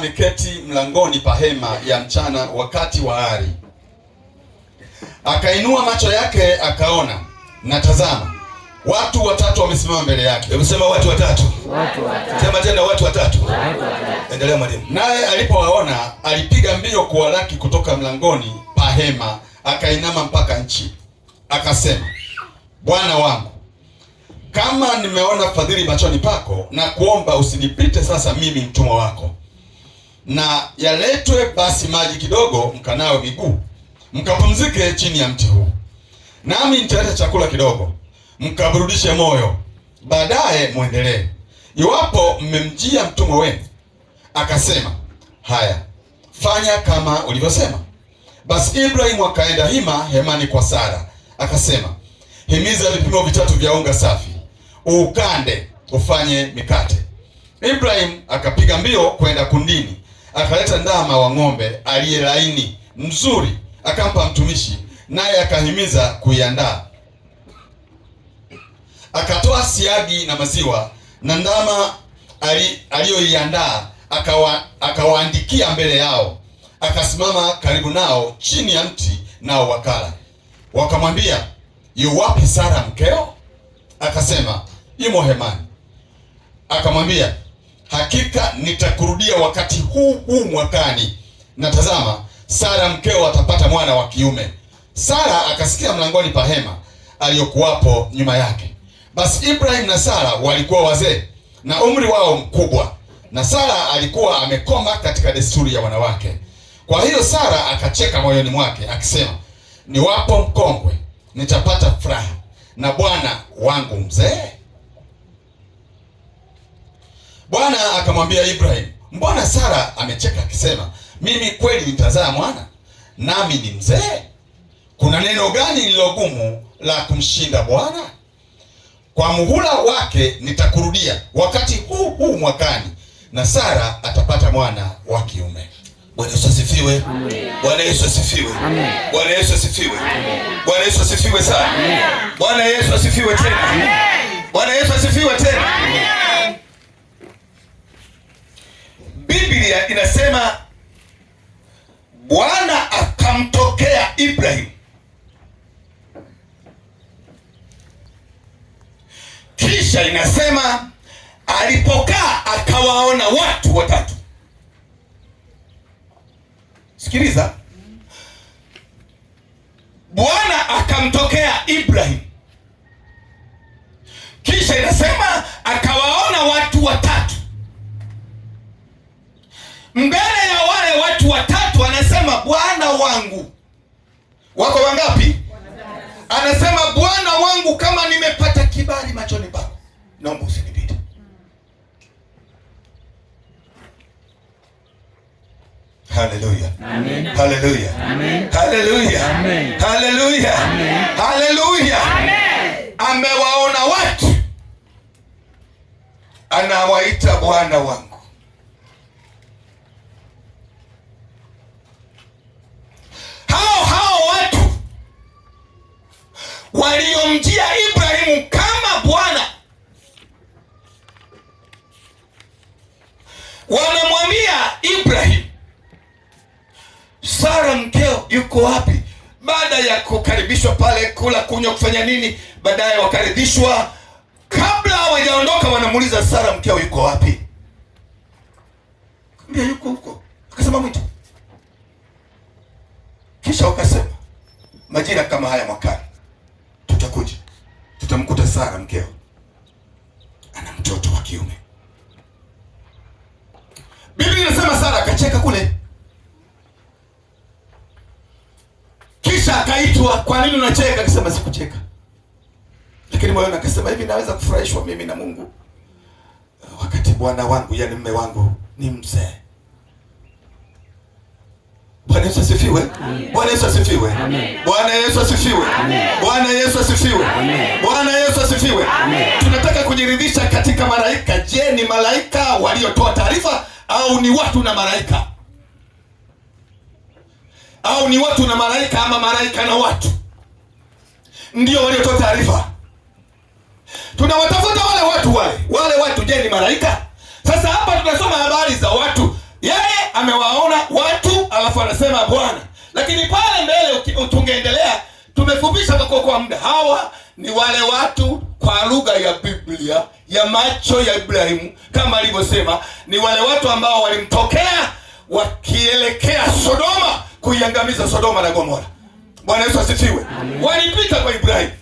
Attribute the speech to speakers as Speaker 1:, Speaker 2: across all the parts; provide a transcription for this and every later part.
Speaker 1: ameketi mlangoni pa hema ya mchana wakati wa ari. Akainua macho yake akaona, na tazama watu watatu wamesimama mbele yake. Hebu sema watu watatu,
Speaker 2: watu watatu.
Speaker 1: Sema tena watu watatu,
Speaker 2: watu watatu.
Speaker 1: Endelea mwalimu. Naye alipowaona alipiga mbio kuwalaki kutoka mlangoni pa hema, akainama mpaka nchi, akasema, Bwana wangu, kama nimeona fadhili machoni pako, na kuomba usinipite sasa mimi mtumwa wako, na yaletwe basi maji kidogo, mkanawe miguu, mkapumzike chini ya mti huu, nami nitaleta chakula kidogo, mkaburudishe moyo, baadaye mwendelee. Iwapo mmemjia mtumwa wenu akasema, haya, fanya kama ulivyosema, basi Ibrahimu akaenda hima hemani kwa Sara akasema, himiza vipimo vitatu vya unga safi uukande ufanye mikate. Ibrahimu akapiga mbio kwenda kundini akaleta ndama wa ng'ombe aliye laini mzuri, akampa mtumishi, naye akahimiza kuiandaa. Akatoa siagi na maziwa na ndama aliyoiandaa akawa, akawaandikia mbele yao. Akasimama karibu nao chini ya mti, nao wakala. Wakamwambia, yu wapi Sara mkeo? Akasema, yumo hemani. Akamwambia, hakika nitakurudia wakati huu huu mwakani, na tazama, Sara mkeo atapata mwana wa kiume. Sara akasikia mlangoni pa hema aliyokuwapo nyuma yake. Basi Ibrahim na Sara walikuwa wazee na umri wao mkubwa, na Sara alikuwa amekoma katika desturi ya wanawake. Kwa hiyo Sara akacheka moyoni mwake akisema, niwapo mkongwe nitapata furaha, na bwana wangu mzee Bwana akamwambia Ibrahim, mbona Sara amecheka akisema, mimi kweli nitazaa mwana nami ni mzee? Kuna neno gani lililogumu la kumshinda Bwana? Kwa muhula wake nitakurudia wakati huu huu mwakani, na Sara atapata mwana wa kiume. Bwana Yesu asifiwe. Bwana Yesu asifiwe. Bwana Yesu asifiwe. Bwana Yesu asifiwe sana. Bwana Yesu asifiwe tena. Bwana Yesu asifiwe tena. Amen. Biblia inasema Bwana akamtokea Ibrahim kisha inasema alipokaa akawaona watu watatu. Sikiliza, Bwana akamtokea Ibrahim kisha inasema akawaona watu watatu mbele ya wale watu watatu, anasema Bwana wangu wako wangapi? Anasema Bwana wangu, kama nimepata kibali machoni pako, naomba usinipite. Haleluya, haleluya, haleluya, haleluya, haleluya. Amewaona watu, anawaita Bwana wangu hao hao watu waliomjia Ibrahimu kama Bwana wanamwambia Ibrahimu, Sara mkeo yuko wapi? Baada ya kukaribishwa pale, kula, kunywa, kufanya nini, baadaye wakaridhishwa. Kabla hawajaondoka, wanamuuliza Sara mkeo yuko wapi? Kambia yuko huko, akasema mwite kisha wakasema majira kama haya mwakani tutakuja, tutamkuta Sara mkeo ana mtoto wa kiume. Biblia inasema Sara akacheka kule, kisha akaitwa, kwa nini unacheka? Akasema sikucheka, lakini moyoni akasema hivi, naweza kufurahishwa mimi na Mungu wakati bwana wangu, yani mme wangu ni mzee Bwana Yesu asifiwe. Bwana Yesu asifiwe. Bwana Yesu asifiwe. Bwana Yesu asifiwe. Bwana Yesu asifiwe. Tunataka kujiridhisha katika malaika. Je, ni malaika waliotoa taarifa au ni watu na malaika? Au ni watu na malaika ama malaika na watu? Ndio waliotoa taarifa. Tunawatafuta wale watu wale. Wale watu je, ni malaika? Sasa hapa tunasoma habari za watu. Yeye amewaona watu wanasema Bwana, lakini pale mbele tungeendelea. Tumefupisha kwa kuokoa muda. Hawa ni wale watu kwa lugha ya Biblia ya macho ya Ibrahimu, kama alivyosema, ni wale watu ambao walimtokea wakielekea Sodoma, kuiangamiza Sodoma na Gomora. Bwana Yesu asifiwe. Walipita kwa Ibrahimu,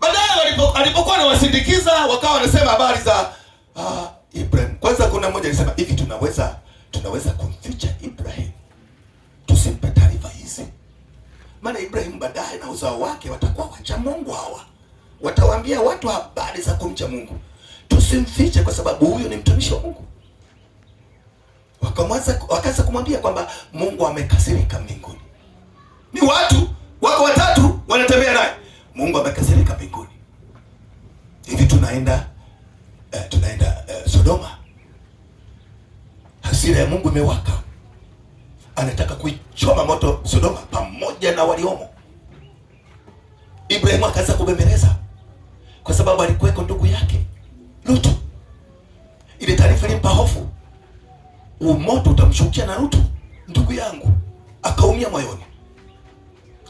Speaker 1: baadaye alipokuwa anawasindikiza wakawa wanasema habari za ah, Ibrahim. Kwanza kuna mmoja alisema hivi, tunaweza tunaweza kumficha Ibrahim tusimpe taarifa hizi, maana Ibrahimu baadaye na uzao wake watakuwa wacha Mungu. Hawa watawaambia watu habari za kumcha Mungu. Tusimfiche kwa sababu huyu ni mtumishi wa Mungu. Wakaanza kumwambia kwamba Mungu amekasirika mbinguni. Ni watu wako watatu wanatembea naye, Mungu amekasirika mbinguni. Hivi tunaenda eh, tunaenda eh, Sodoma. Hasira ya Mungu imewaka anataka kuichoma moto Sodoma pamoja na waliomo. Ibrahimu akaanza kubembeleza kwa sababu alikuweko ndugu yake Lutu. Ile taarifa ilimpa hofu, umoto utamshukia na Lutu ndugu yangu. Akaumia moyoni,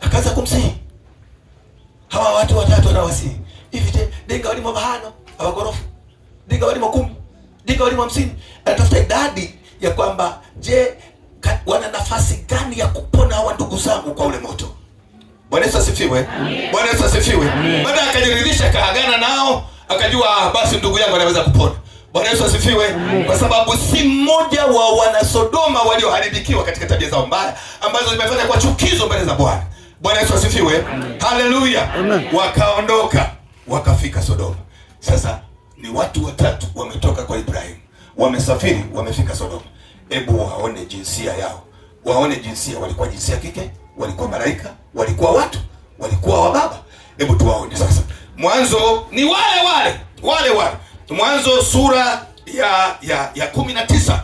Speaker 1: akaanza kumsihi hawa watu watatu anawasihi hivi te dinga walimo bahano awagorofu denga walimo kumi denga walimo hamsini, anatafuta idadi ya kwamba je wana nafasi gani ya kupona hawa ndugu zangu kwa ule moto? Bwana Yesu asifiwe. Bwana Yesu asifiwe. Baada akajiridhisha, kaagana nao, akajua ah, basi ndugu yangu anaweza kupona. Bwana Yesu asifiwe, kwa sababu si mmoja wa wanasodoma walioharibikiwa katika tabia zao mbaya ambazo zimefanya kwa chukizo mbele za Bwana. Bwana Yesu asifiwe, haleluya. Wakaondoka wakafika Sodoma. Sasa ni watu watatu wametoka kwa Ibrahimu, wamesafiri, wamefika Sodoma hebu waone jinsia yao, waone jinsia. Walikuwa jinsia kike, walikuwa malaika, walikuwa watu, walikuwa wababa. Hebu tuwaone sasa. Mwanzo ni wale wale wale wale, Mwanzo sura ya ya ya kumi na tisa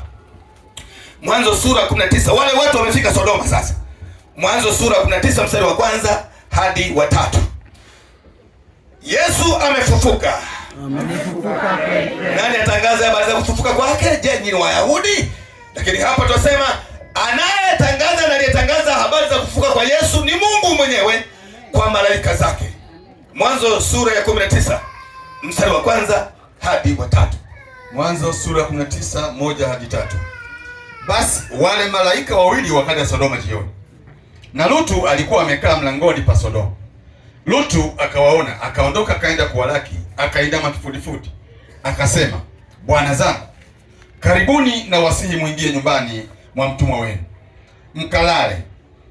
Speaker 1: Mwanzo sura kumi na tisa Wale watu wamefika Sodoma sasa. Mwanzo sura kumi na tisa mstari wa kwanza hadi wa tatu. Yesu amefufuka. Amefufuka. Nani atangaza habari za kufufuka kwake? Je, ni Wayahudi? Lakini hapa tunasema anayetangaza na aliyetangaza habari za kufuka kwa Yesu ni Mungu mwenyewe kwa malaika zake. Mwanzo sura ya 19 mstari wa kwanza hadi wa tatu. Mwanzo sura ya 19 moja hadi tatu. Basi wale malaika wawili wakaja Sodoma jioni, na Lutu alikuwa amekaa mlangoni pa Sodoma. Lutu akawaona, akaondoka akaenda kuwalaki, akaindama kifudifudi, akasema, bwana zangu Karibuni na wasihi mwingie nyumbani mwa mtumwa wenu, mkalale,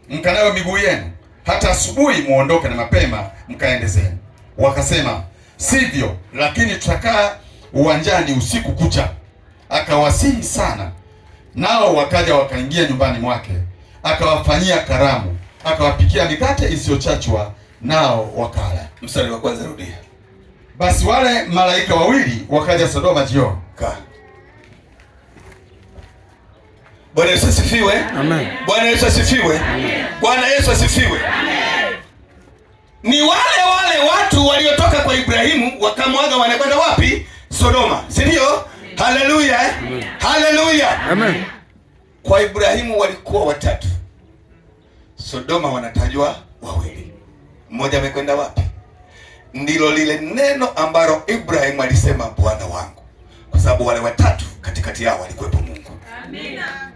Speaker 1: mkanawe miguu yenu, hata asubuhi muondoke na mapema, mkaende zenu. Wakasema, sivyo, lakini tutakaa uwanjani usiku kucha. Akawasihi sana, nao wakaja wakaingia nyumbani mwake, akawafanyia karamu, akawapikia mikate isiyochachwa, nao wakala. Mstari wa kwanza, rudia. Basi wale malaika wawili wakaja Sodoma jioni Bwana Yesu asifiwe. Amen. Bwana Yesu asifiwe. Amen. Bwana Yesu asifiwe.
Speaker 2: Amen.
Speaker 1: Ni wale wale watu waliotoka kwa Ibrahimu wakamwaga wanakwenda wapi? Sodoma, si ndio? Haleluya. Haleluya. Amen. Kwa Ibrahimu walikuwa watatu. Sodoma wanatajwa wawili. Mmoja amekwenda wapi? Ndilo lile neno ambalo Ibrahimu alisema Bwana wangu. Kwa sababu wale watatu katikati yao alikuwepo Mungu.
Speaker 2: Amina.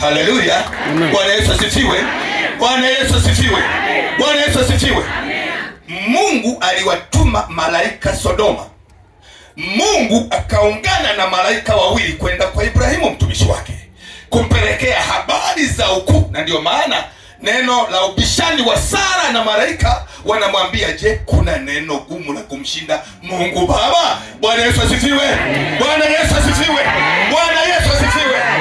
Speaker 1: Haleluya! Bwana Yesu asifiwe! Bwana Yesu asifiwe! Bwana Yesu asifiwe! Mungu aliwatuma malaika Sodoma. Mungu akaungana na malaika wawili kwenda kwa Ibrahimu mtumishi wake kumpelekea habari za ukuu, na ndio maana neno la ubishani wa Sara na malaika wanamwambia, je, kuna neno gumu la kumshinda Mungu Baba? Bwana Yesu asifiwe! Bwana Yesu asifiwe! Bwana Yesu asifiwe!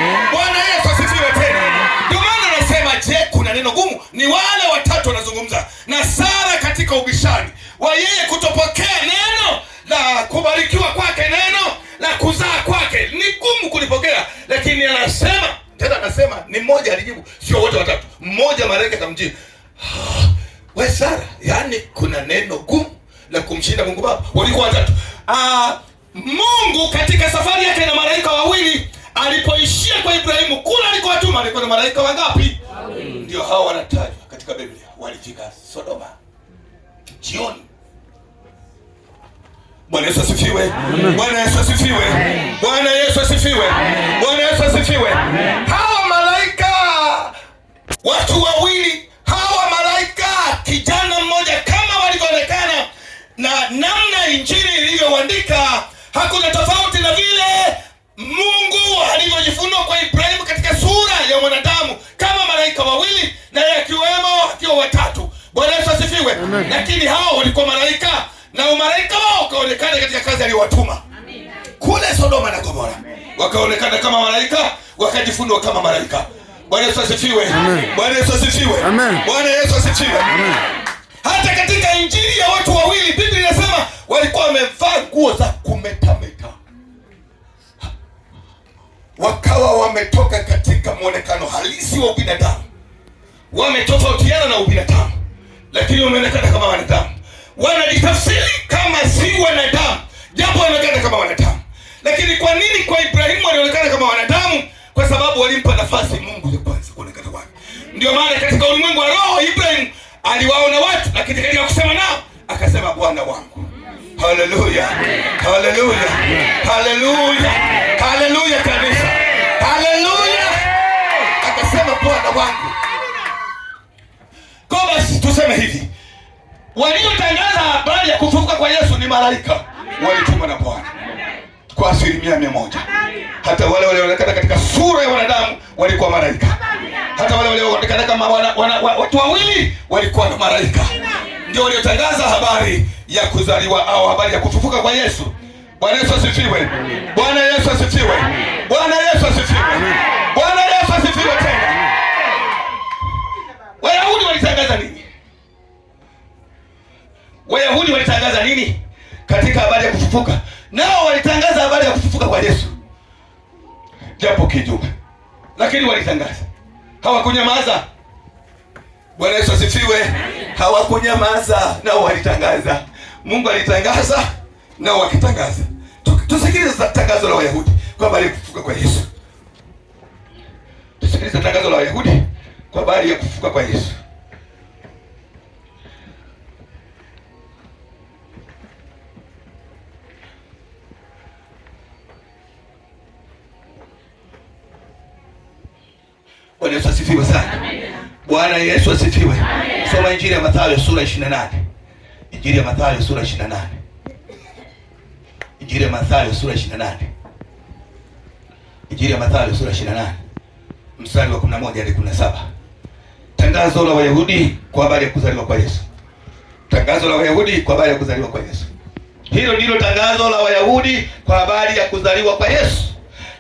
Speaker 1: neno gumu ni wale watatu wanazungumza na Sara katika ubishani wa yeye kutopokea neno la kubarikiwa kwake, neno la kuzaa kwake ni gumu kulipokea, lakini anasema tena, anasema ni mmoja alijibu, sio wote watatu, mmoja malaika akamjibu, ah, we Sara, yaani kuna neno gumu la kumshinda Mungu Baba. Walikuwa watatu. Ah, Mungu katika safari yake na malaika wawili alipoishia kwa Ibrahimu kula alikowatuma alikuwa na malaika wangapi? Amen ndio hawa wanatajwa katika Biblia, walifika Sodoma jioni. Bwana Yesu asifiwe! Bwana Yesu asifiwe! Bwana Yesu asifiwe! Bwana Yesu asifiwe! Hawa malaika watu wawili, hawa malaika kijana mmoja, kama walivyoonekana na namna injili ilivyoandika, hakuna tofauti na vile Mungu alivyojifunua kwa Ibrahimu katika sura ya mwanadamu kama malaika wawili na yeye akiwemo akiwa watatu. Bwana Yesu asifiwe. Lakini hao walikuwa malaika na umalaika wao ukaonekana katika kazi aliyowatuma kule Sodoma na Gomora, wakaonekana kama malaika, wakajifunua kama malaika. Bwana Yesu asifiwe. Bwana Yesu asifiwe. Bwana Yesu asifiwe. Hata katika injili ya watu wawili Biblia inasema walikuwa wamevaa nguo za kumeta wakawa wametoka katika mwonekano halisi wa ubinadamu, wametofautiana na ubinadamu, lakini wameonekana kama wanadamu. Wanajitafsiri kama si wanadamu, japo wanaonekana kama wanadamu. Lakini kwa nini kwa Ibrahimu walionekana kama wanadamu? Kwa sababu walimpa nafasi Mungu ya kwanza kuonekana wake. Ndio maana katika ulimwengu wa roho Ibrahimu aliwaona watu, lakini katika kusema nao akasema, Bwana wangu Haleluya, haleluya, haleluya, haleluya kanisa, haleluya. Akasema Bwana wangu kama tuseme hivi, waliotangaza habari ya kufufuka kwa Yesu ni malaika walitumwa na Bwana kwa asilimia mia moja. Hata wale walioonekana katika sura ya wanadamu walikuwa malaika, hata wale walioonekana kama watu wawili walikuwa na malaika ndio waliotangaza habari ya kuzaliwa au habari ya kufufuka kwa Yesu. Bwana Yesu asifiwe! Bwana Yesu asifiwe! Bwana Yesu asifiwe! Bwana Yesu asifiwe! Tena Wayahudi walitangaza nini? Wayahudi walitangaza nini katika habari ya kufufuka? Nao walitangaza habari ya kufufuka kwa Yesu, japo kijuba, lakini walitangaza, hawakunyamaza. Bwana Yesu asifiwe. Hawakunyamaza, nao walitangaza. Mungu alitangaza, nao wakitangaza. Tusikilize tangazo la Wayahudi kwamba alifufuka kwa Yesu. Tusikilize tangazo la Wayahudi kwa habari ya kufufuka kwa Yesu. Bwana Yesu asifiwe sana. Bwana Yesu asifiwe. Soma Injili ya Mathayo sura 28. Injili ya Mathayo sura 28. Injili ya Mathayo sura 28. Injili ya Mathayo sura 28. Mstari wa 11 hadi 17. Tangazo la Wayahudi kwa habari ya kuzaliwa kwa Yesu. Tangazo la Wayahudi kwa habari ya kuzaliwa kwa Yesu. Hilo ndilo tangazo la Wayahudi kwa habari ya kuzaliwa kwa Yesu.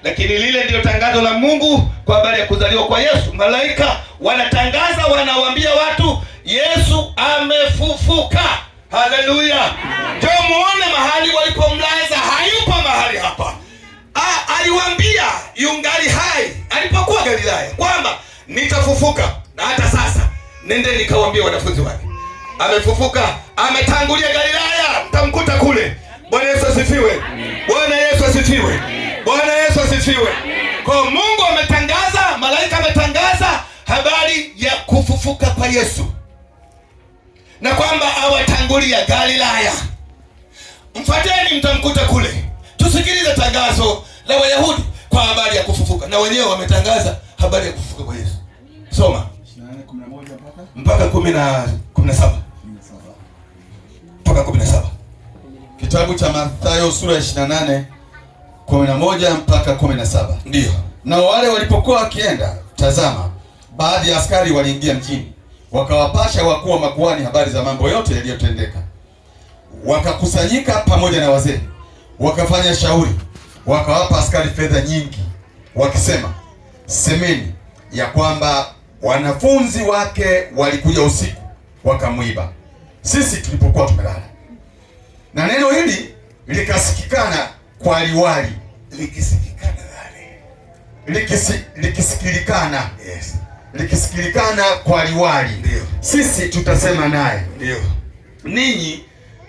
Speaker 1: Lakini lile ndilo tangazo la Mungu kwa habari ya kuzaliwa kwa Yesu. Malaika wanatangaza, wanawaambia watu Yesu amefufuka. Haleluya! Ndio muone mahali walipomlaza, hayupo mahali hapa. aliwaambia yungali hai alipokuwa Galilaya kwamba nitafufuka, na hata sasa nende nikawaambia wanafunzi wake amefufuka, ametangulia Galilaya, mtamkuta kule. Bwana Yesu asifiwe! Bwana Yesu asifiwe! Bwana Yesu asifiwe! Kwa Mungu ametangaza, malaika ametangaza habari ya kufufuka kwa Yesu na kwamba awatangulia Galilaya. Mfateni, mtamkuta kule. Tusikilize tangazo la Wayahudi kwa habari ya kufufuka, na wenyewe wametangaza habari ya kufufuka kwa Yesu. Soma mpaka kumi na saba mpaka kumi na saba kitabu cha Mathayo sura ya 28 11 mpaka 17. Ndio, na wale walipokuwa wakienda, tazama baadhi ya askari waliingia mjini wakawapasha wakuu wa makuani habari za mambo yote yaliyotendeka. Wakakusanyika pamoja na wazee, wakafanya shauri, wakawapa askari fedha nyingi, wakisema, semeni ya kwamba wanafunzi wake walikuja usiku wakamwiba sisi tulipokuwa tumelala. Na neno hili likasikikana kwa liwali, likisikilikana, yes likisikilikana kwa liwali, ndio sisi tutasema naye, ndio ninyi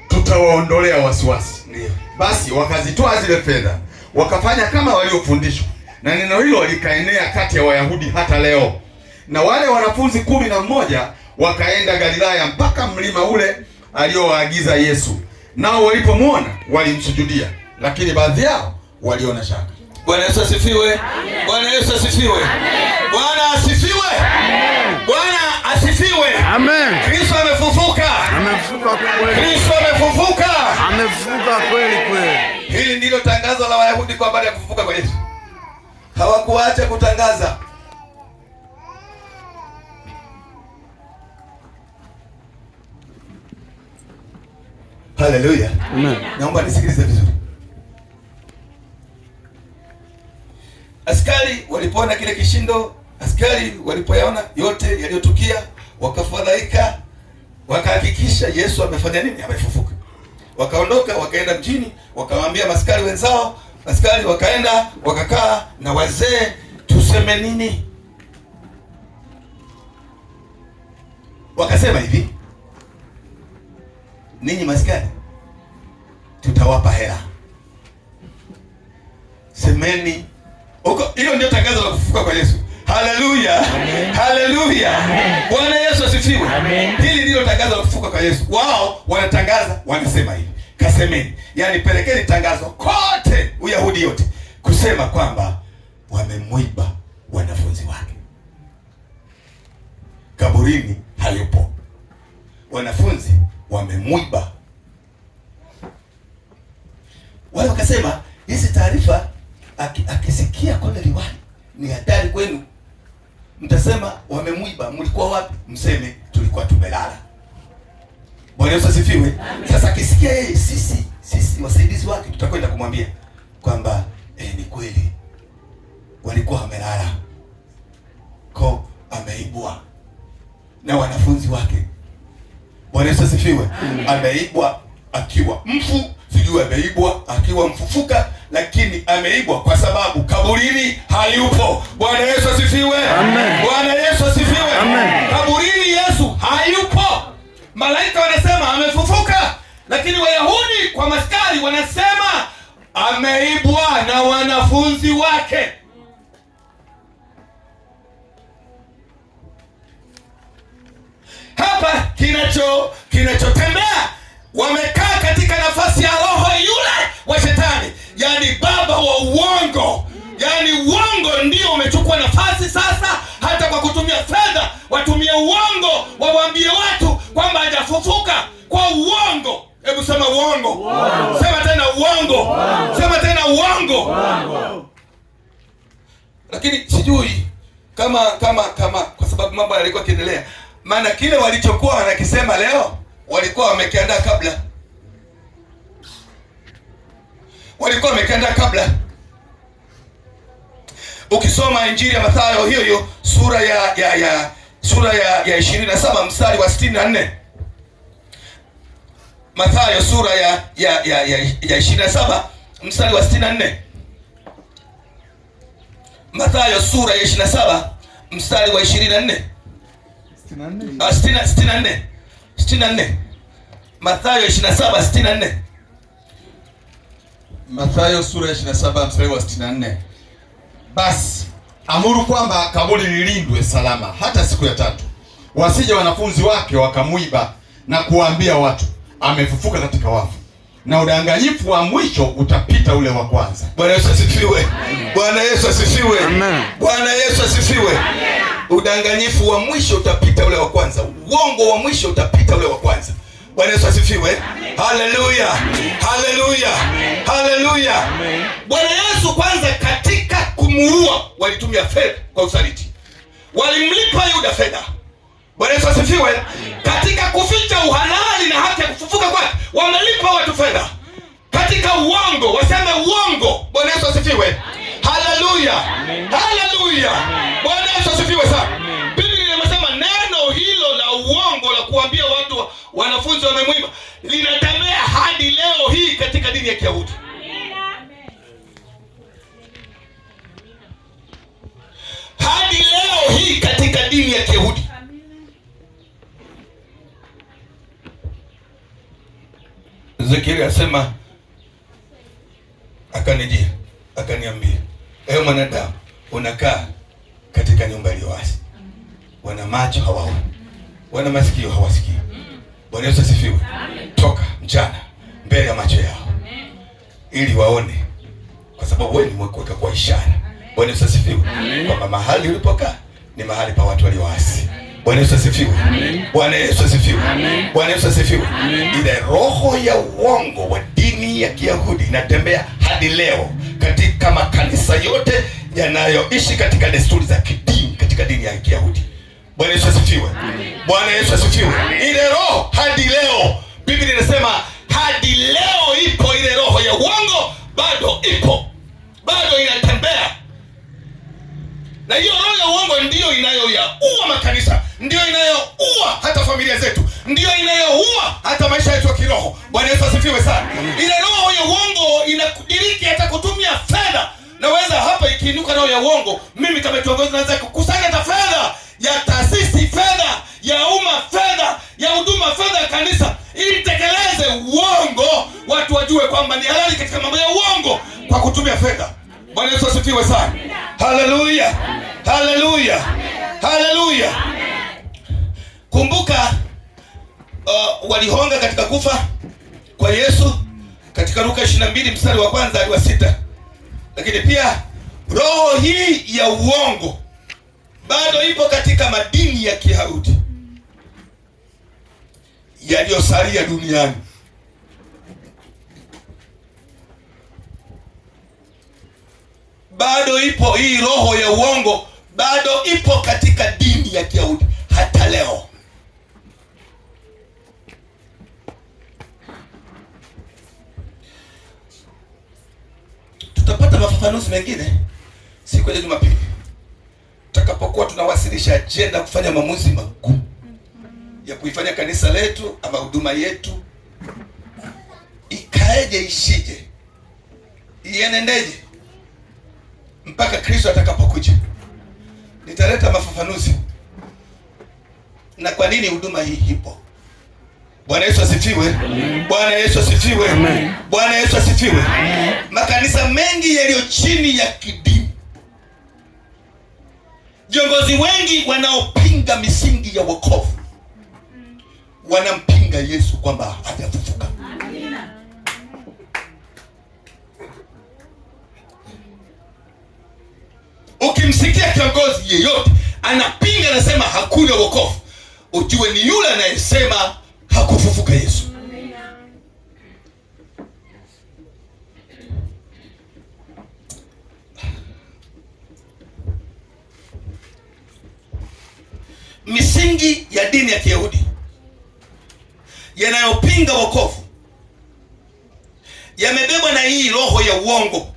Speaker 1: tutawaondolea wasiwasi. Ndio basi, wakazitoa zile fedha wakafanya kama waliofundishwa, na neno hilo likaenea kati ya Wayahudi hata leo. Na wale wanafunzi kumi na mmoja wakaenda Galilaya mpaka mlima ule aliyowaagiza Yesu, nao walipomwona walimsujudia, lakini baadhi yao waliona shaka. Bwana Yesu asifiwe. Bwana Yesu asifiwe. Bwana asifiwe. Bwana asifiwe. Amen. Kristo amefufuka.
Speaker 2: Amefufuka kweli.
Speaker 1: Kristo amefufuka.
Speaker 2: Amefufuka kweli kweli.
Speaker 1: Hili ndilo tangazo la Wayahudi kwa habari ya kufufuka kwa Yesu. Hawakuacha kutangaza. Haleluya. Amen. Naomba nisikilize vizuri. Askari walipoona kile kishindo, askari walipoyaona yote yaliyotukia, wakafadhaika, wakahakikisha Yesu amefanya nini? Amefufuka. Wakaondoka wakaenda mjini, wakawaambia maskari wenzao. Askari wakaenda wakakaa na wazee, tuseme nini? Wakasema hivi, ninyi maskari, tutawapa hela, semeni huko hilo ndio tangazo la kufufuka kwa Yesu. Haleluya. Haleluya. Bwana Yesu asifiwe. Hili ndilo tangazo la kufufuka kwa Yesu. Wao wanatangaza, wanasema hivi. Kasemeni. Yaani pelekeni tangazo kote Uyahudi yote kusema kwamba wamemwiba wanafunzi wake. Kaburini hayupo. Wanafunzi wamemwiba hapa, mlikuwa wapi? Mseme tulikuwa tumelala. Bwana Yesu asifiwe. Sasa akisikia yeye, sisi sisi wasaidizi wake tutakwenda kumwambia kwamba eh, ni kweli walikuwa wamelala, ko ameibwa na wanafunzi wake. Bwana Yesu asifiwe. Ameibwa akiwa mfu, sijui ameibwa akiwa mfufuka, lakini ameibwa kwa sababu kaburini hayupo. Bwana Yesu asifiwe. Amen. Bwana Kaburini Yesu hayupo, malaika wanasema amefufuka, lakini Wayahudi kwa maskari wanasema ameibwa na wanafunzi wake. Hapa kinacho kinachotembea, wamekaa katika nafasi ya roho yule wa Shetani, yaani baba wa uongo yaani uongo ndio umechukua nafasi sasa. Hata kwa kutumia fedha watumie uongo, wawaambie watu kwamba hajafufuka kwa uongo. Hebu sema uongo, Sema tena uongo, Sema tena uongo, Lakini sijui kama kama kama kwa sababu mambo yalikuwa yakiendelea, maana kile walichokuwa wanakisema leo walikuwa wamekiandaa kabla, walikuwa wamekiandaa kabla Ukisoma injili ya Mathayo hiyo hiyo sura ya ya ya sura ya ya 27 mstari wa 64, Mathayo sura ya ya ya ya, ya 27 mstari wa 64, Mathayo sura ya 27 mstari wa 24 64 64 Mathayo 27 64 Mathayo sura ya 27 mstari wa 64 basi amuru kwamba kaburi lilindwe salama hata siku ya tatu, wasije wanafunzi wake wakamwiba na kuwaambia watu, amefufuka katika wafu, na udanganyifu wa mwisho utapita ule wa kwanza. Bwana Yesu asifiwe! Bwana Yesu asifiwe! Bwana Yesu asifiwe! Udanganyifu wa mwisho utapita ule wa kwanza, uongo wa mwisho utapita ule wa kwanza. Bwana Yesu asifiwe! Haleluya, haleluya, haleluya! Bwana Yesu kwanza katika kumuua walitumia fedha kwa usaliti, walimlipa Yuda fedha. Bwana Yesu asifiwe. Katika kuficha uhalali na haki ya kufufuka kwake wamelipa watu fedha, katika uongo, waseme uongo. Bwana Yesu asifiwe. Haleluya, haleluya. Bwana Yesu asifiwe sana. Biblia inasema neno hilo la uongo la kuambia watu wanafunzi wamemwiba linatemea hadi leo hii katika dini ya Kiyahudi. hadi leo hii katika dini ya Kiyahudi. zekaria asema akanijia, akaniambia, ewe mwanadamu, unakaa katika nyumba iliyo wazi, wana macho hawaoni, wana masikio hawasikii. Bwana Yesu asifiwe. Toka mchana mbele ya macho yao, ili waone, kwa sababu wewe ni mwekuweka kwa ishara Bwana Yesu asifiwe. Kwamba mahali ulipokaa ni mahali pa watu walioasi. Bwana Yesu asifiwe. Bwana Yesu asifiwe. Bwana Yesu asifiwe. Ile roho ya uongo wa dini ya Kiyahudi inatembea hadi leo katika makanisa yote yanayoishi katika desturi za kidini katika dini ya Kiyahudi. Bwana Yesu asifiwe. Bwana Yesu asifiwe. Ile roho hadi leo Biblia inasema hadi leo ipo ile roho ya uongo bado ipo. Bado inatembea na hiyo roho ya uongo ndiyo inayoyaua makanisa, ndiyo inayoua hata familia zetu, ndiyo inayoua hata maisha yetu ya kiroho. Bwana Yesu asifiwe sana. Ile roho ya uongo inakudiriki hata kutumia fedha. Naweza hapa ikiinuka roho ya uongo, mimi kama kiongozi naweza kukusanya hata fedha ya taasisi, fedha ya umma, fedha ya huduma, fedha ya kanisa, ili nitekeleze uongo, watu wajue kwamba ni halali katika mambo ya uongo kwa kutumia fedha. Bwana Yesu asifiwe sana. Haleluya, haleluya, haleluya. Kumbuka uh, walihonga katika kufa kwa Yesu katika Luka 22 mstari wa kwanza hadi wa sita, lakini pia roho hii ya uongo bado ipo katika madini ya Kiyahudi yaliyosalia duniani. bado ipo hii roho ya uongo, bado ipo katika dini ya Kiyahudi hata leo. Tutapata mafafanuzi mengine siku ya Jumapili tutakapokuwa tunawasilisha ajenda kufanya maamuzi makuu ya kuifanya kanisa letu ama huduma yetu ikaeje, ishije, ienendeje mpaka Kristo atakapokuja. Nitaleta mafafanuzi na kwa nini huduma hii ipo. Bwana Yesu asifiwe! Bwana Yesu asifiwe! Bwana Yesu asifiwe! Makanisa mengi yaliyo chini ya kidini, viongozi wengi wanaopinga misingi ya wokovu wanampinga Yesu kwamba hajafufuka. Ukimsikia kiongozi yeyote anapinga, anasema hakuna wokovu, ujue ni yule anayesema hakufufuka Yesu. Misingi ya dini ya Kiyahudi yanayopinga wokovu yamebebwa na hii roho ya uongo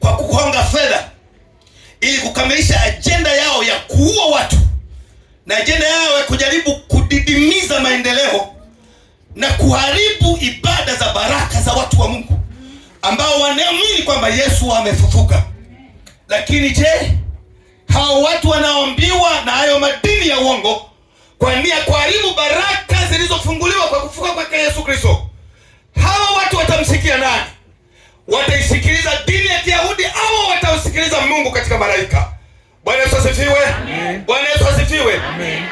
Speaker 1: kwa kukonga fedha ili kukamilisha ajenda yao ya kuua watu na ajenda yao ya kujaribu kudidimiza maendeleo na kuharibu ibada za baraka za watu wa Mungu ambao wanaamini kwamba Yesu amefufuka. Lakini je, hao watu wanaoambiwa na hayo madini ya uongo kwa nia kuharibu baraka zilizofunguliwa kwa kufuka kwake Yesu Kristo, hawa watu watamsikia nani? wataisikiliza dini ya Kiyahudi au watausikiliza Mungu katika malaika. Bwana Yesu asifiwe. Bwana Yesu asifiwe.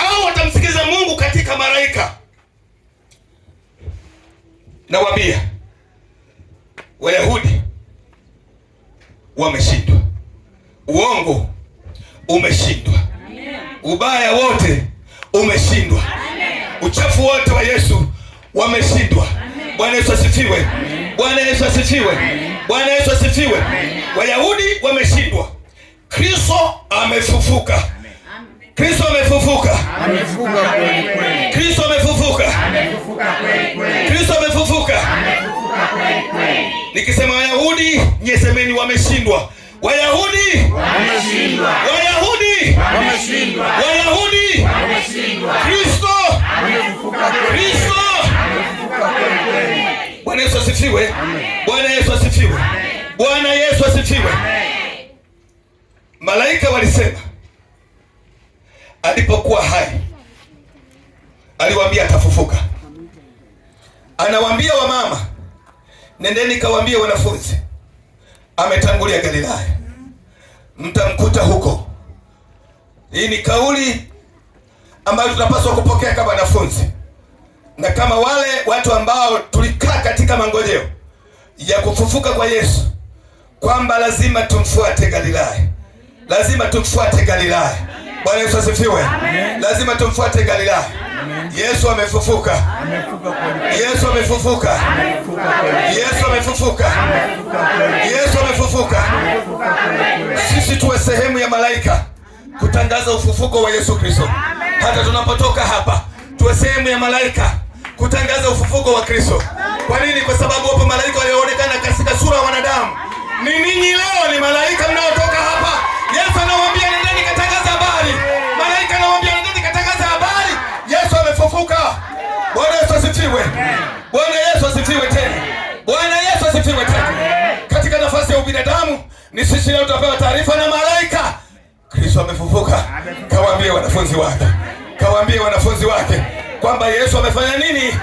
Speaker 1: Au watamsikiliza Mungu katika malaika. Nawaambia Wayahudi wameshindwa, uongo umeshindwa, ubaya wote umeshindwa, uchafu wote wa Yesu wameshindwa. Bwana Yesu asifiwe. Bwana Yesu asifiwe. Bwana Yesu asifiwe. Wayahudi wameshindwa, Kristo amefufuka. Kristo amefufuka.
Speaker 2: Amefufuka kweli kweli.
Speaker 1: Kristo amefufuka.
Speaker 2: Amefufuka kweli kweli.
Speaker 1: Kristo amefufuka.
Speaker 2: Amefufuka kweli kweli.
Speaker 1: Nikisema Wayahudi, nyie semeni wameshindwa. Wayahudi
Speaker 2: wameshindwa.
Speaker 1: Wayahudi
Speaker 2: wameshindwa.
Speaker 1: Wayahudi
Speaker 2: wameshindwa. Kristo amefufuka. kweli.
Speaker 1: Kristo Bwana Yesu asifiwe. Bwana Yesu asifiwe. Bwana Yesu asifiwe. Malaika walisema alipokuwa hai aliwaambia atafufuka. Anawaambia wamama, nendeni kawaambie wanafunzi ametangulia Galilaya, mtamkuta huko. Hii ni kauli ambayo tunapaswa kupokea kama wanafunzi na kama wale watu ambao tulikaa katika mangojeo ya kufufuka kwa Yesu kwamba lazima tumfuate Galilaya, lazima tumfuate Galilaya. Bwana Yesu asifiwe. Lazima tumfuate Galilaya. Yesu amefufuka, Yesu amefufuka, Yesu amefufuka, Yesu amefufuka. Sisi tuwe sehemu ya malaika kutangaza ufufuko wa Yesu Kristo. Hata tunapotoka hapa tuwe sehemu ya malaika kutangaza ufufuko wa Kristo. Kwa nini? Kwa sababu wapo malaika walioonekana katika sura ya wanadamu. Ni ninyi leo, ni malaika mnaotoka hapa. Yesu anawaambia nendeni katangaza habari, malaika anawaambia nendeni katangaza habari, Yesu amefufuka. Bwana Yesu asifiwe, Bwana Yesu asifiwe tena, Bwana Yesu asifiwe tena. Katika nafasi ya ubinadamu ni sisi leo tutapewa taarifa na malaika, Kristo amefufuka. Kawaambie wanafunzi wake, kawaambie wanafunzi wake kwamba Yesu amefanya nini?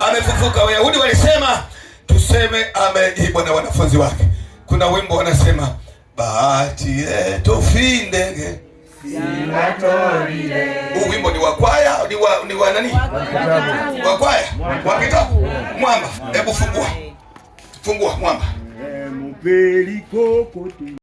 Speaker 1: Amefufuka. Wayahudi walisema tuseme amejibwa na wanafunzi wake. Kuna wimbo wanasema bahati yetu findege huu wimbo ni wa kwaya, ni wa ni wa nani? Wa kwaya wa kitabu Mwamba. Hebu fungua, fungua Mwamba.